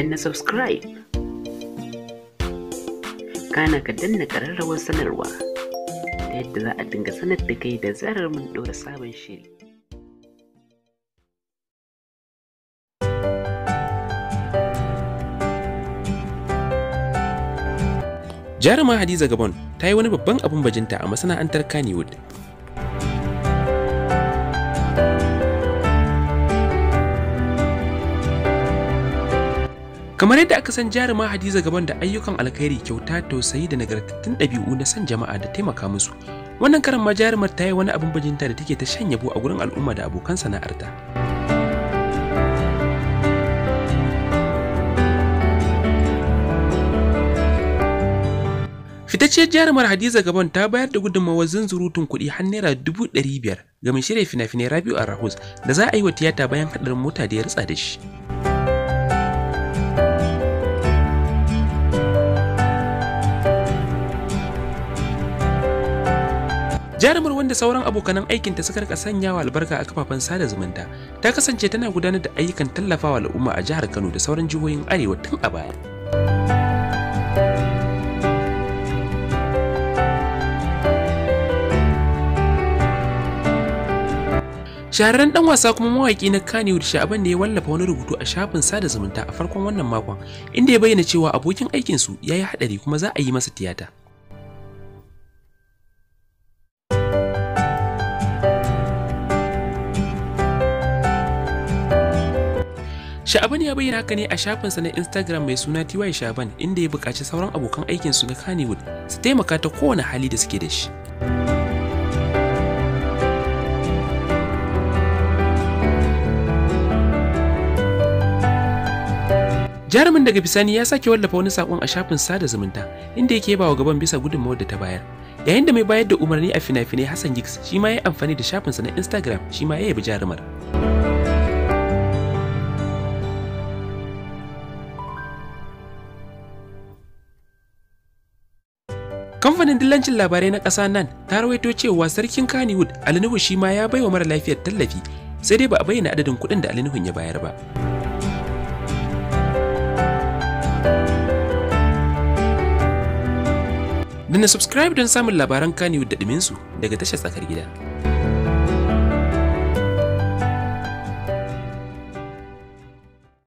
danna subscribe kana ka danna ƙararrawar sanarwa ta yadda za a dinga sanar da kai da zarar mun ɗora sabon shiri Jarumar hadiza gabon ta yi wani babban abin bajinta a masana'antar kannywood Kamar yadda aka san Jarumar Hadiza gaban da ayyukan alkhairi kyauta tausayi da nagartattun ɗabi'u na san jama'a da taimaka musu. Wannan karan ma jarumar ta yi wani abin bajinta da take ta shan yabo a gurin al'umma da abokan sana'arta. Fitacciyar jarumar Hadiza Gaban ta bayar da gudunmawar zunzurutun kuɗi har naira dubu ɗari biyar ga mai shirya fina-finai Rabi'u a rahus da za a yi wa tiyata bayan haɗarin mota da ya ritsa da shi. jarumar wanda sauran abokanan aikinta suka rika sanyawa albarka a kafafen sada zumunta ta kasance tana gudanar da ayyukan tallafawa al'umma a jihar kano da sauran jihohin arewa tun a baya shahararren dan wasa kuma mawaki na Kannywood Sha'aban ne ya wallafa wani rubutu a shafin sada zumunta a farkon wannan makon inda ya bayyana cewa abokin aikin su yi hadari kuma za a yi masa tiyata Sha'aban ya bayyana haka ne a shafinsa na Instagram mai suna TY Shaban inda ya buƙaci sauran abokan aikin su na Kannywood su taimaka ta kowane hali da suke da shi. Jarumin daga bisani ya sake wallafa wani sakon a shafin sada zumunta inda yake ba wa gaban bisa gudunmawar da ta bayar. Yayin da mai bayar da umarni a fina-finai Hassan Giggs shi ma ya amfani da shafinsa na Instagram shi ma ya yabi jarumar. Kamfanin dillancin labarai na ƙasa nan ta rawaito cewa sarkin Kannywood Alinuhu shi ma ya bai wa mara lafiyar tallafi sai dai ba a bayyana adadin kuɗin da Alinuhu ya bayar ba. Dana subscribe don samun labaran Kannywood da ɗuminsu daga tashar tsakar gida.